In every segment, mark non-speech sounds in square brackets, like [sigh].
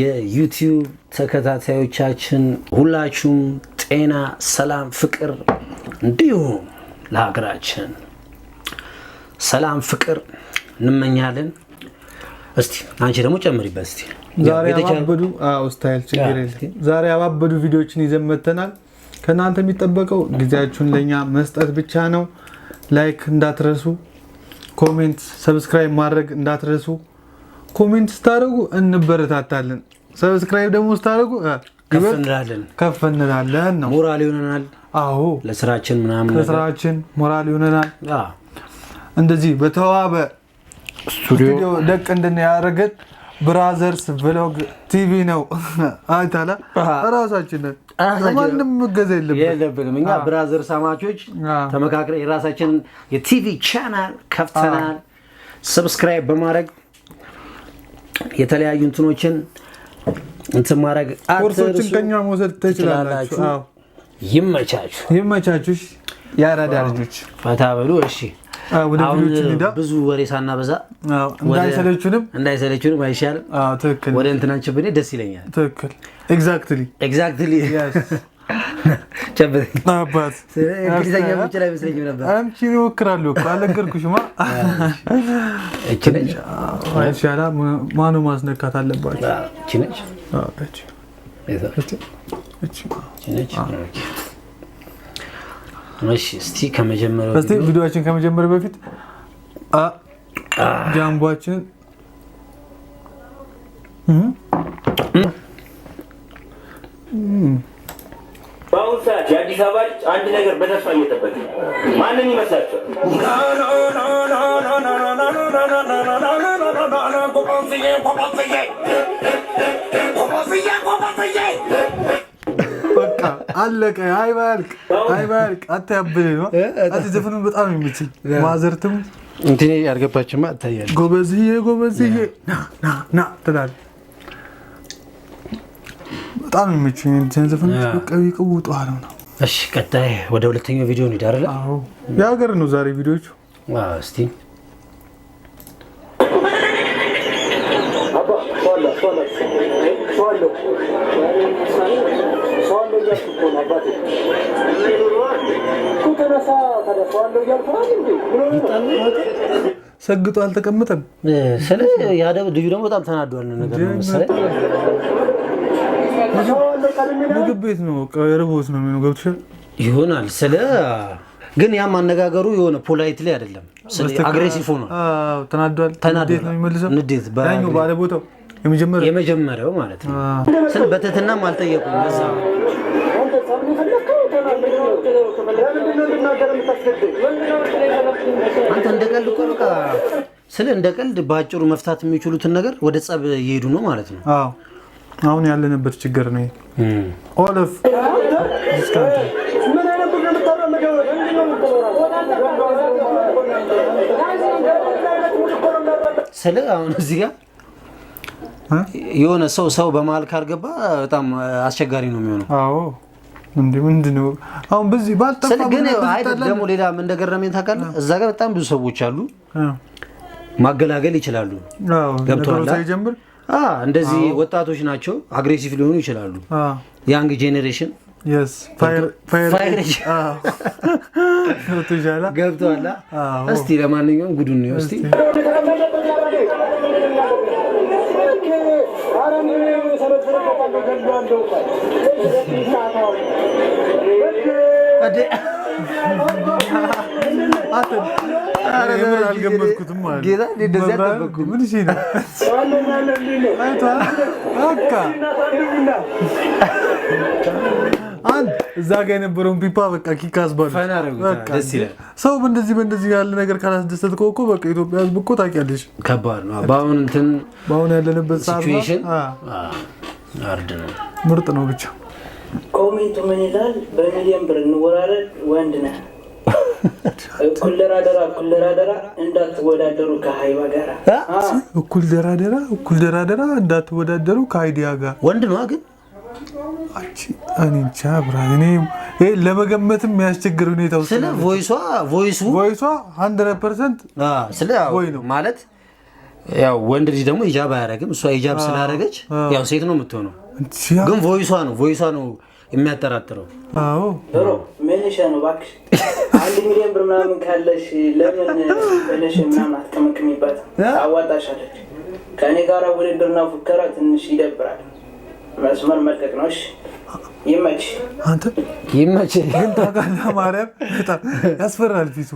የዩቲዩብ ተከታታዮቻችን ሁላችሁም ጤና፣ ሰላም፣ ፍቅር እንዲሁም ለሀገራችን ሰላም ፍቅር እንመኛለን። እስቲ አንቺ ደግሞ ጨምሪበት። እስቲ ዛሬ አባበዱ ቪዲዮዎችን ይዘን መጥተናል። ከእናንተ የሚጠበቀው ጊዜያችሁን ለእኛ መስጠት ብቻ ነው። ላይክ እንዳትረሱ፣ ኮሜንት፣ ሰብስክራይብ ማድረግ እንዳትረሱ። ኮሜንት ስታደርጉ እንበረታታለን። ሰብስክራይብ ደግሞ ስታደርጉ ከፍ እንላለን ከፍ እንላለን ነው ሞራል ይሆነናል። አዎ ለስራችን ምናምን ለስራችን ሞራል ይሆነናል። እንደዚህ በተዋበ ስቱዲዮ ደቅ እንድናያደርገን ብራዘርስ ቭሎግ ቲቪ ነው። [laughs] አይታላ ራሳችንን ማንም እገዛ የለብንም። እኛ ብራዘርስ አማቾች ተመካክረን የራሳችንን የቲቪ ቻናል ከፍተናል። ሰብስክራይብ በማድረግ የተለያዩ እንትኖችን እንትን ማድረግ ኮርሶችን ከኛ መውሰድ ትችላላችሁ። ይመቻችሁ፣ ይመቻችሁ። የአራዳ ልጆች ፈታ በሉ። እሺ ብዙ ወሬ ሳናበዛ እንዳይሰለችንም እንዳይሰለችንም አይሻልም? ወደ እንትናችን ብኔ ደስ ይለኛል። ትክክል ኤግዛክትሊ ኤግዛክትሊ [laughs] እንግሊዝኛ ብችል አይመስለኝም ነበር። አንቺ እወክራለሁ እኮ አልነገርኩሽማ። ሻላ ማኑ ማስነካት አለባቸው። እስቲ ቪዲዮችን ከመጀመሪያ በፊት ጃምቧችን አዲስ አበባ ልጅ አንድ ነገር በተስፋ እየጠበቀ ማንን ይመስላቸዋል? አይ ባልክ አይ ባልክ አታያብል ነው። ዘፈኑን በጣም የሚችል ማዘርትም እንትን ያልገባችማ እታያለሁ። ጎበዝዬ ጎበዝዬ ና ና ትላለህ። በጣም የሚችል ዘፈኖች ቀቢ ቅቡ ጠዋለው ነው እሺ ቀጣይ ወደ ሁለተኛው ቪዲዮ እንሄዳለን። አዎ የሀገር ነው ዛሬ ቪዲዮቹ። እስቲ ሰግጦ አልተቀመጠም። ስለዚህ ልጁ ደግሞ በጣም ተናዷል ነገር ነው መሰለኝ ምግብ ቤት ነው ርቦት ነው የሚሆነው። ገብቶሻል ይሆናል ስለ ግን ያም አነጋገሩ የሆነ ፖላይት ላይ አይደለም፣ አግሬሲቭ ሆኗል። ተናዷል። ተናዴት ነው የሚመልሰው። ንዴት ባለ ቦታው የመጀመሪያው ማለት ነው። ስለ በትህትናም አልጠየቁም። ለዛ አንተ እንደ ቀልድ እኮ በቃ ስለ እንደ ቀልድ በአጭሩ መፍታት የሚችሉትን ነገር ወደ ጸብ እየሄዱ ነው ማለት ነው። አዎ አሁን ያለንበት ችግር ነው። ኦለፍ ስለ አሁን እዚህ ጋር የሆነ ሰው ሰው በመሀል ካልገባ በጣም አስቸጋሪ ነው የሚሆነው። አዎ እንዴ ምንድን ነው አሁን በዚህ ባልተፋ ደግሞ ሌላ ምን እንደገረመኝ ታውቃለህ? እዛ ጋር በጣም ብዙ ሰዎች አሉ ማገላገል ይችላሉ። ገብቶሃል? እንደዚህ ወጣቶች ናቸው፣ አግሬሲቭ ሊሆኑ ይችላሉ። ያንግ ጄኔሬሽን ገብተዋላ። እስቲ ለማንኛውም ጉዱን ነው እስቲ አልገመትኩትም። ነው እዛ ጋ የነበረውን ፒፓ በቃ ኪክ ሰው በእንደዚህ በእንደዚህ ያለ ነገር እኮ በቃ ኢትዮጵያ ሕዝብ እኮ ታውቂያለሽ፣ ከባድ ነው። በአሁን እንትን በአሁን ያለንበት ሲቹዌሽን አርድ ነው፣ ምርጥ ነው ብቻ። ኮሜንቱ ምን ይላል? በሚሊዮን ብር እንወራረድ፣ ወንድ ነህ እኩል ደራደራ እኩል ደራደራ እንዳትወዳደሩ ከሀይባ ጋር እኩል ደራደራ እኩል ደራደራ እንዳትወዳደሩ ከሀይዲያ ጋር ወንድ ነዋ ግን አንቻ ብርሃን እኔ ለመገመትም የሚያስቸግር ሁኔታ ስለ ቮይሷ ቮይሱ ቮይሷ ሀንድረድ ፐርሰንት ስለ ወይ ነው ማለት ያው ወንድ ልጅ ደግሞ ሂጃብ አያደርግም። እሷ ሂጃብ ስላደረገች ያው ሴት ነው የምትሆነው፣ ግን ቮይሷ ነው ቮይሷ ነው የሚያጠራጥረው። አዎ ሮ መነሻ ነው እባክሽ። አንድ ሚሊዮን ብር ምናምን ካለሽ ለምን መነሽ ምናምን አትቀመቅሚባት፣ የሚባት ከእኔ ጋር ውድድርና ፉከራ ትንሽ ይደብራል። መስመር መልቀቅ ነው። እሺ ይመችሽ፣ አንተ ይመች። ግን ታውቃለህ ማርያም በጣም ያስፈራል ፊቱ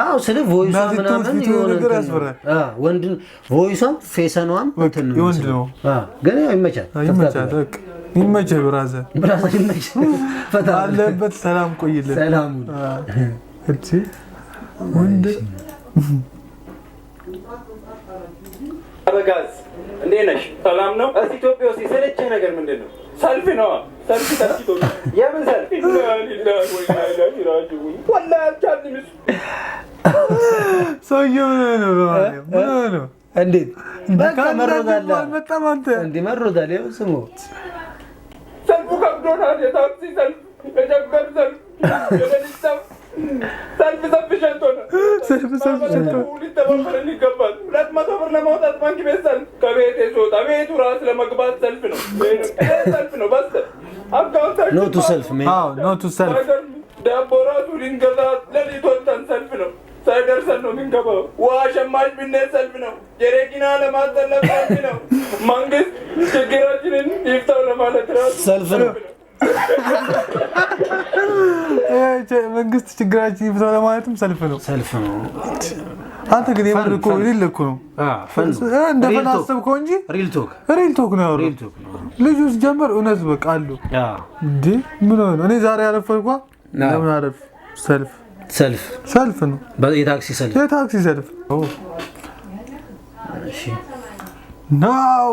አዎ ስለ ቮይሷ ምናምን ነገር ወንድ ቮይሷም ፌሰኗም እንትን ነው ግን ይመቻል ይመቻል። ብራዘር አለበት። ሰላም ቆይልን። ሰላም እቺ ወንድ አበጋዝ እንዴት ነሽ? ሰላም ነው። ኢትዮጵያ ውስጥ የሰለቸህ ነገር ምንድን ነው? ሰልፍ ነዋ የምን ሰልፍ ስሙ ሰልፉ ከብዶናል። የታክሲ ሰልፍ፣ የሸበር ሰልፍ፣ የሌሊት ሰልፍ ሰልፍ ሸልቶናል። ሰልፍ ሰልፍ ሸልቶናል። ሊተባበረን ይገባል። ሁለት መቶ ብር ለማውጣት ባንክ ቤት ሰልፍ፣ ከቤት ስወጣ ቤቱ ራስ ለመግባት ሰልፍ ነው። ኖቱ ሰልፍ ኖቱ ሰልፍ ዳቦ ራሱ ልንገዛ ለሊት ወጥተን ሰልፍ ነው። ሳይደርሰን ነው የምንገባው። ውሃ ሸማች ብንሄድ ሰልፍ ነው። የሬኪና ለማሰለፍ ሰልፍ ነው። መንግስት ችግራችንን ይፍታው ለማለት ራሱ ሰልፍ ነው። መንግስት ችግራችን ይፍታ ለማለትም ሰልፍ ነው ሰልፍ ነው። አንተ ግን የምር እኮ ሪል እኮ ነው እንደ ፈን አሰብከው እንጂ ሪል ቶክ ነው ያወራው። ልጁ ሲጀመር እውነት በቃ አሉ እንደ ምን ሆነ እኔ ዛሬ ያረፈርኳ ለምን አረፍ ሰልፍ ሰልፍ ሰልፍ ነው። የታክሲ ሰልፍ የታክሲ ሰልፍ ናው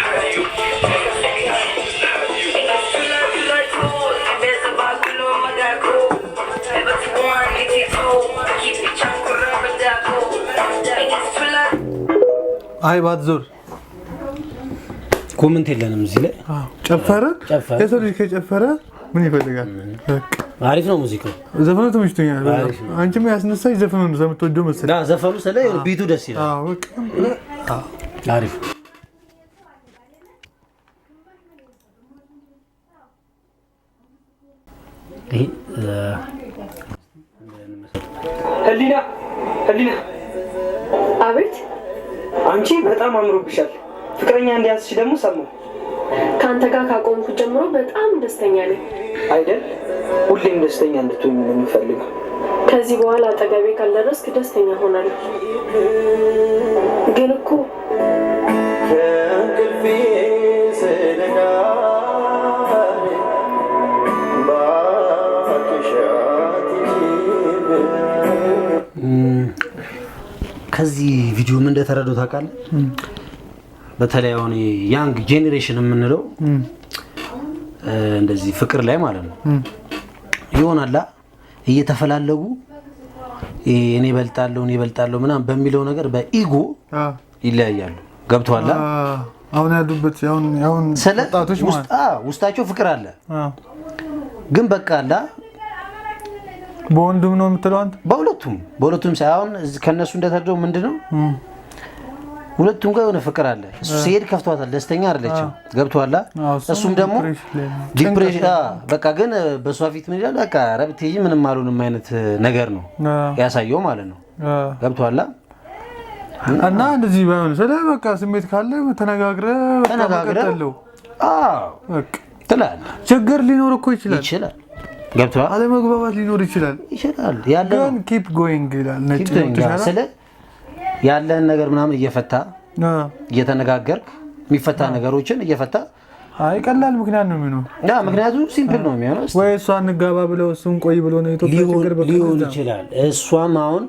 አይ ባትዞር ኮመንት የለንም እዚህ ላይ ጨፈረ የሰው ልጅ ከጨፈረ ምን ይፈልጋል? አሪፍ ነው ሙዚቃው፣ ዘፈኑ ተመችቶኛል። አንቺም ያስነሳሽ ዘፈኑ ነው። ስለምትወደው መሰለኝ ዘፈኑ ስለ ቢቱ ደስ ይላል። አሪፍ በጣም አምሮብሻል። ፍቅረኛ እንዲያዝሽ ደግሞ ሰማሁ። ከአንተ ጋር ካቆምኩ ጀምሮ በጣም ደስተኛ ነኝ። አይደል? ሁሌም ደስተኛ እንድትሆኝ ነው የምፈልገው። ከዚህ በኋላ አጠገቤ ካልደረስክ ደስተኛ ሆናለሁ። ግን እኮ ከዚህ ቪዲዮም እንደተረዳው ታውቃለህ፣ በተለይ አሁን ያንግ ጄኔሬሽን የምንለው እንደዚህ ፍቅር ላይ ማለት ነው ይሆናላ እየተፈላለጉ እኔ እበልጣለሁ እኔ እበልጣለሁ ምናምን በሚለው ነገር በኢጎ ይለያያሉ። ገብቶሃል? አሁን ያሉበት አሁን ውስጣቸው ፍቅር አለ ግን በቃ አላ በወንድም ነው የምትለው አንተ? በሁለቱም በሁለቱም ሳይሆን ከእነሱ እንደተደው ምንድን ነው ሁለቱም ጋር የሆነ ፍቅር አለ። እሱ ሲሄድ ከፍቷታል፣ ደስተኛ አይደለችም። ገብቷላ እሱም ደግሞ ዲፕሬሽን በቃ ግን በእሷ ፊት ምን ይላል? በቃ ኧረ ብትሄጂ ምንም አልሆንም አይነት ነገር ነው ያሳየው ማለት ነው። ገብቷላ እና እንደዚህ ባይሆን ስለ በቃ ስሜት ካለ ተነጋግረ ተነጋግረህ ትላል። ችግር ሊኖር እኮ ይችላል ይችላል ገብቷል። አለመግባባት ሊኖር ይችላል ይችላል ያለ ኪፕ ጎይንግ ይላል ነጭ ነው ስለ ያለህን ነገር ምናምን እየፈታ እየተነጋገርክ የሚፈታ ነገሮችን እየፈታ አይ ቀላል ምክንያት ነው የሚሆነው። ያ ምክንያቱ ሲምፕል ነው የሚሆነው። ወይ እሷ እንጋባ ብለው እሱን ቆይ ብሎ ነው ኢትዮጵያ ሊሆን ይችላል። እሷም አሁን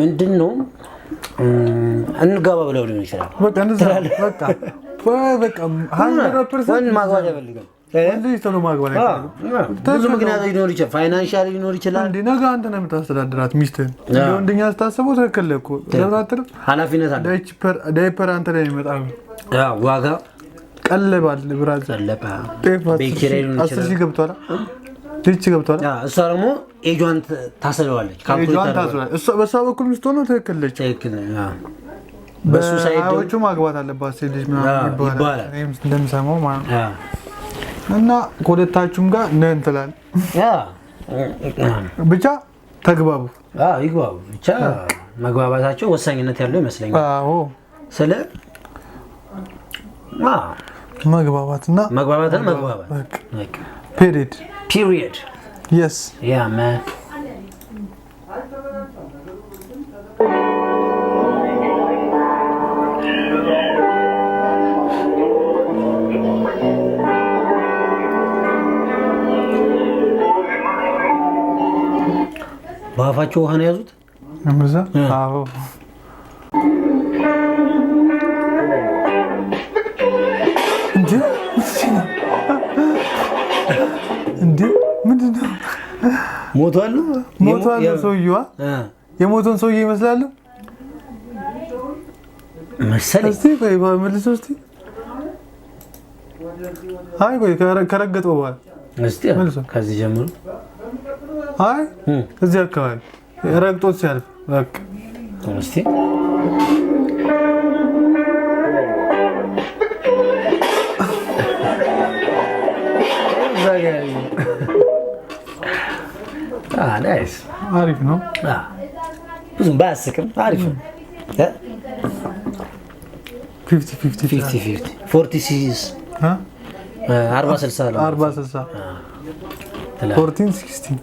ምንድን ነው እንጋባ ብለው ሊሆን ይችላል። በቃ ማግባት አይፈልግም ብዙ ምክንያቶች ሊኖር ይችላል። ፋይናንሻል ሊኖር ይችላል። ነገ አንተ ነው የምታስተዳድራት ሚስትህን። ወንደኛ ስታስበው ትክክል እኮ ኃላፊነት አለ። ዳይፐር አንተ ላይ የሚመጣ ዋጋ ቀለባል። ብራዘር አስር ሺህ ገብቷል። ትች ገብቷል። እሷ ደግሞ ኤጇን ታሰለዋለች። በእሷ በኩል ሚስት ሆኖ ትክክል ነች። በሱ ሳይዎቹ ማግባት አለባት ሴት ልጅ ይባላል እንደምሰማው ማለት ነው እና ከሁለታችሁም ጋር ነን ትላል ብቻ ተግባቡ ይግባቡ ብቻ መግባባታቸው ወሳኝነት ያለው ይመስለኛል። ስለ መግባባትና መግባባትን መግባባት ፔሪድ ፒሪየድ የስ ያ በአፋቸው ውሃ ነው የያዙት። አዎ እንዴ ነው? ሞቷል ሰውዬ ይመስላሉ መሰለኝ። አይ ቆይ ከረገጠው በኋላ እስኪ ከዚህ ጀምሮ هاي زين كان رنت وسيرف هيك تونستي اه نايس عارف نو اه بس باسك عارف 50 50 50 50 40 سيز ها؟ اربع سلسال اربع سلسال 14 16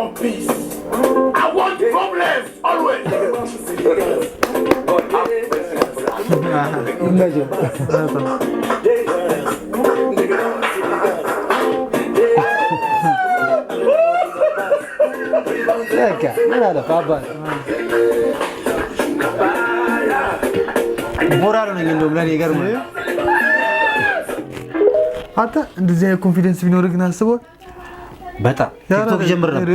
want peace. I want problems always. Eka, nada, papa. Borraron en el doblaje, Carmen. Hatta, desde la conferencia vino a በጣም ቲክቶክ ጀምር ነበር።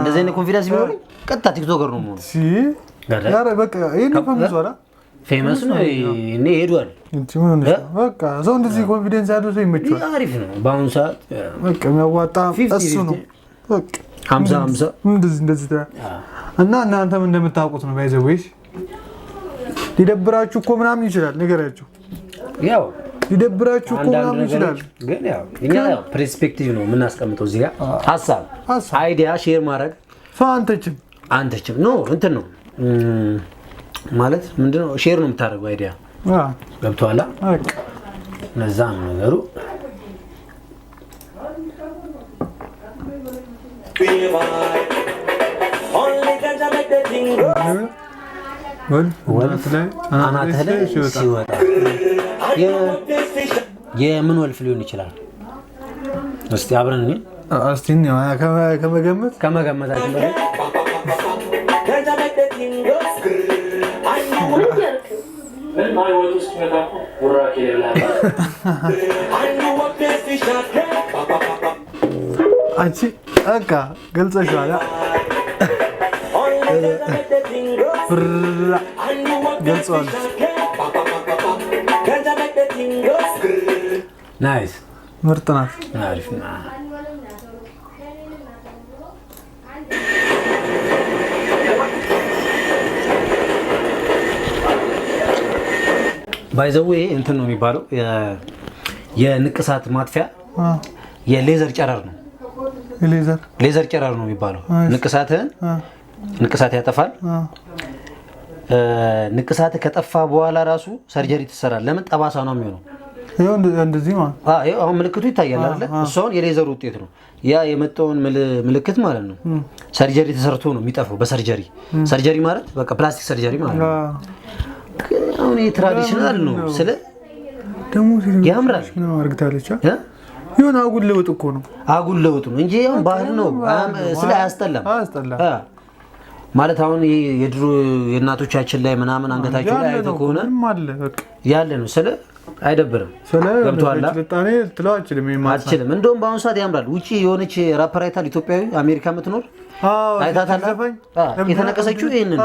እንደዚህ አይነት ኮንፊደንስ ቢኖረኝ ቀጥታ ቲክቶከር ነው የምሆነው። ፌመስ ነው እኔ ሄዷል። በቃ ሰው እንደዚህ ኮንፊደንስ ያለው ሰው ይመቸዋል። አሪፍ ነው። በአሁኑ ሰዓት በቃ የሚያዋጣ እሱ ነው። ሀምሳ ሀምሳ እንደዚህ እና እናንተም እንደምታውቁት ነው። ባይዘዌሽ ሊደብራችሁ እኮ ምናምን ይችላል። ንገራችሁ ያው ሊደብራችሁ ኮናም ይችላል። ግን ያው እኛ ያው ፐርስፔክቲቭ ነው የምናስቀምጠው እዚህ ጋር ሀሳብ፣ አይዲያ ሼር ማድረግ አንተችም አንተችም ኖ እንትን ነው ማለት ምንድነው ሼር ነው የምታደርገው አይዲያ ገብቶሃል። ለዛ ነው ነገሩ። Be ወልፍ አናትህ ላይ ሲወጣ የምን ወልፍ ሊሆን ይችላል? እስቲ አብረን እኔ እስቲ ከመገመት ከመገመታችን በላይ አንቺ በቃ ገልጸሻል። ገልጿል። ናይስ ምርጥ ናት። አሪፍ ባይዘዌ እንትን ነው የሚባለው የንቅሳት ማጥፊያ የሌዘር ጨረር ነው። ሌዘር ጨረር ነው የሚባለው ንቅሳትህን ንቅሳት ያጠፋል። ንቅሳት ከጠፋ በኋላ ራሱ ሰርጀሪ ትሰራል። ለምን ጠባሳ ነው የሚሆነው። አሁን ምልክቱ ይታያል አለ እሷን የሌዘር ውጤት ነው ያ የመጣውን ምልክት ማለት ነው። ሰርጀሪ ተሰርቶ ነው የሚጠፋው በሰርጀሪ። ሰርጀሪ ማለት በቃ ፕላስቲክ ሰርጀሪ ማለት ነው። አሁን ትራዲሽናል ነው ስለ ደግሞ ያምራል። አርግታለች የሆነ አጉል ለውጥ እኮ ነው። አጉል ለውጥ ነው እንጂ ባህል ነው ስለ አያስጠላም ማለት አሁን የድሮ የእናቶቻችን ላይ ምናምን አንገታቸው ላይ አይተህ ከሆነ ያለ ነው ስለ አይደብርም ገብቶሃል አልችልም እንደውም በአሁኑ ሰዓት ያምራል ውጭ የሆነች ራፐር አይታል ኢትዮጵያዊ አሜሪካ የምትኖር አይታታል የተነቀሰችው ይህንን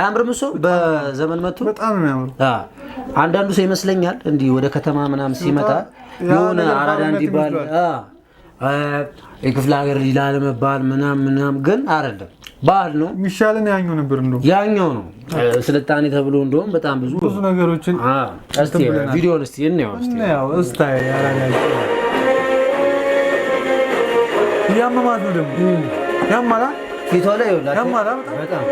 አያምርም እሱ በዘመን መጥቶ አንዳንዱ ሰው ይመስለኛል እንዲህ ወደ ከተማ ምናምን ሲመጣ የሆነ አራዳ እንዲባል የክፍለ ሀገር ሊላለመባል ምናምን ምናምን ግን አይደለም ባህል ነው የሚሻለን። ያኛው ነበር እንደውም ያኛው ነው ስልጣኔ ተብሎ እንደውም በጣም ብዙ ብዙ ነገሮችን እስቲ ቪዲዮን እስቲ እናየው እስቲ ያመማት ነው ደግሞ ያማላ ፊቷ ላይ ያማላ በጣም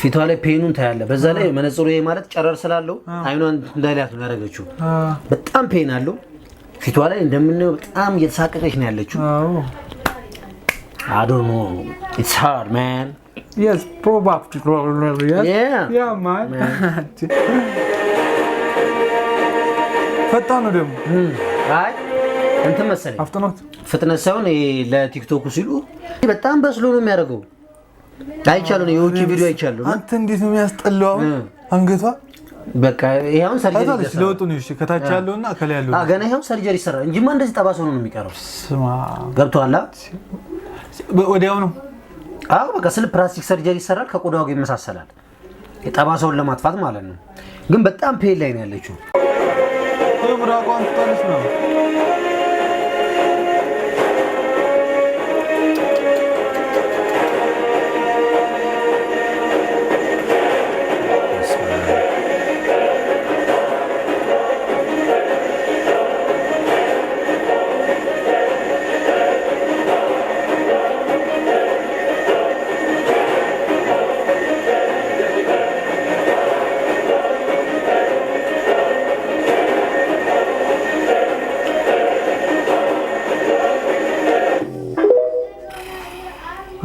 ፊቷ ላይ ፔኑን ታያለ። በዛ ላይ መነጽሩ ይሄ ማለት ጨረር ስላለው አይኗን እንዳይላት ነው ያደረገችው። በጣም ፔን አለው ፊቷ ላይ እንደምናየው በጣም እየተሳቀቀች ነው ያለችው። I don't know. It's hard, man. Yes, probably. Yes. Yeah. Yeah, man. [laughs] ፈጣን ደግሞ። hmm. አይ እንትን መሰለኝ አፍጥኖት ፍጥነት ሳይሆን ለቲክቶኩ ሲሉ በጣም በስሎ ነው የሚያደርገው። አይቻሉ ነው የውጭ ቪዲዮ አይቻሉ። አንተ እንዴት ነው የሚያስጠላው? Hmm. አንገቷ በቃ ይሄውን ሰርጀሪ ይሰራል። ለውጡ ነው። እሺ ከታች hmm. ያለውና ከላይ ያለው ገና ይሄው ሰርጀሪ ይሰራል እንጂማ እንደዚህ ጠባሳ ነው የሚቀረው። ገብቶሃል? ወዲያው ነው። አዎ በቃ ስለ ፕላስቲክ ሰርጀሪ ይሰራል። ከቆዳው ጋር ይመሳሰላል። የጠባሳውን ለማጥፋት ማለት ነው። ግን በጣም ፔል ላይ ነው ያለችው። ምራቋን ትጠልፍ ነው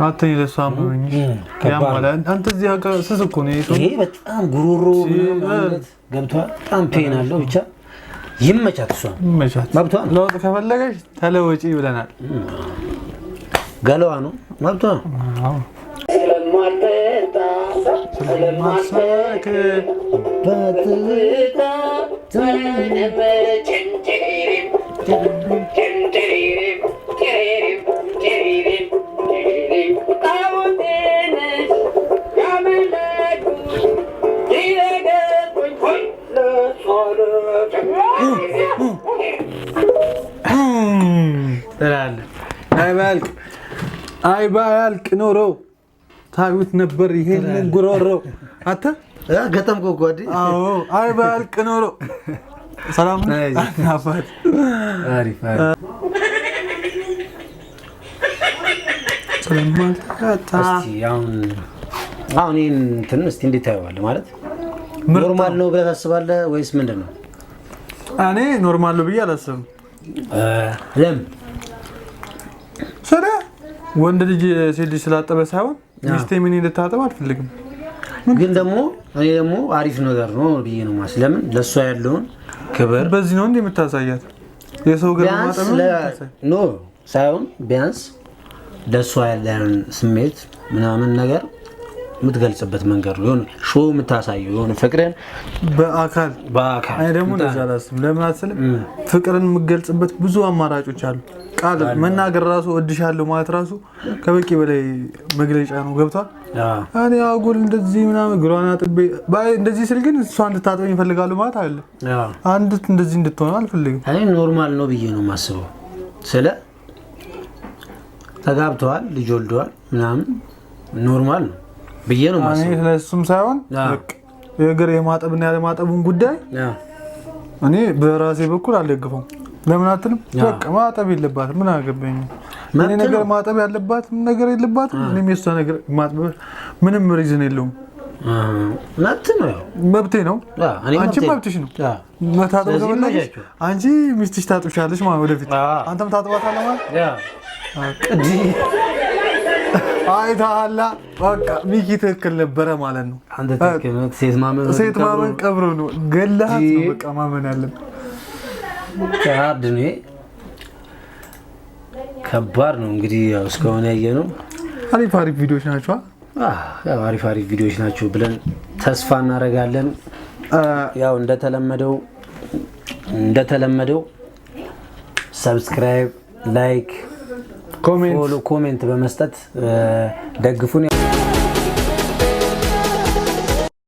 አትኝ ለሷ አሞኝ አንተ እዚህ ሀገር ስስ እኮ ነው ይሄ በጣም ጉሮሮ ማለት ገብቷል። በጣም ፔን አለው። ብቻ ይመቻት፣ እሷ ይመቻት። መብቷን ለውጥ ከፈለገች ተለወጪ ብለናል። ገለዋ ነው መብቷ። ስለማትጠጣ ስለማትሰክር ሻይ ባያልቅ ኖሮ ታዩት ነበር ይሄን ጉሮሮ። አንተ ገጠምኩ እኮ አዎ አይ ባያልቅ ኖሮ። ሰላም አባት አሁን ይህን እንትን እስኪ እንዴት ታየዋለህ? ማለት ኖርማል ነው ብለህ ታስባለህ ወይስ ምንድን ነው? እኔ ኖርማል ነው ብዬ አላስብም። ለምን ወንድ ልጅ ሴት ልጅ ስላጠበ ሳይሆን ሚስቴ ምን እንድታጠብ አልፈልግም። ግን ደግሞ እኔ ደግሞ አሪፍ ነገር ነው ብዬ ነው ማስ ለምን ለእሷ ያለውን ክብር በዚህ ነው እንዲ የምታሳያት የሰው ገ ሳይሆን ቢያንስ ለእሷ ያለውን ስሜት ምናምን ነገር የምትገልጽበት መንገድ ነው። የሆነ ሾ የምታሳየው የሆነ ፍቅርን በአካል በአካል እኔ ደግሞ እንደዛ አላስብም። ለምን አትስልም? ፍቅርን የምትገልጽበት ብዙ አማራጮች አሉ። ቃል መናገር ራሱ እወድሻለሁ ማለት ራሱ ከበቂ በላይ መግለጫ ነው። ገብቷል። እኔ አጉል እንደዚህ ምናምን ግሯን አጥቤ እንደዚህ ስል ግን እሷ እንድታጥበኝ ይፈልጋሉ ማለት አለ አንድ እንደዚህ እንድትሆነ አልፈልግም። እኔ ኖርማል ነው ብዬ ነው የማስበው። ስለ ተጋብተዋል፣ ልጅ ወልደዋል ምናምን ኖርማል ነው ብዬ ነው ማስበው። ስለሱም ሳይሆን የእግር የማጠብና ያለማጠቡን ጉዳይ እኔ በራሴ በኩል አልደግፈው። ለምን አትልም? በቃ ማጠብ የለባትም ምን አገባኝ እኔ ነገር ማጠብ ያለባትም ነገር የለባትም። እኔም የሷ ነገር ማጥብ ምንም ሪዝን የለውም። መብት ነው መብቴ ነው። አንቺ መብትሽ ነው መታጠብ ከፈለግሽ አንቺ ሚስትሽ ታጥብሻለሽ ማለት ወደፊት አንተም ታጥባታለህ ማለት አይታላ በቃ ሚኪ ትክክል ነበረ ማለት ነው። አንተ ሴት ማመን ሴት ማመን ቀብሮ ነው። ገላሃት ነው። በቃ ማመን አለብን። ከባድ ነው፣ ከባድ ነው። እንግዲህ ያው እስካሁን ያየ ነው። አሪፍ አሪፍ ቪዲዮዎች ናቸው። አሪፍ አሪፍ ቪዲዮዎች ናቸው ብለን ተስፋ እናደርጋለን። ያው እንደተለመደው እንደተለመደው ሰብስክራይብ ላይክ ኮሜንት በመስጠት ደግፉን።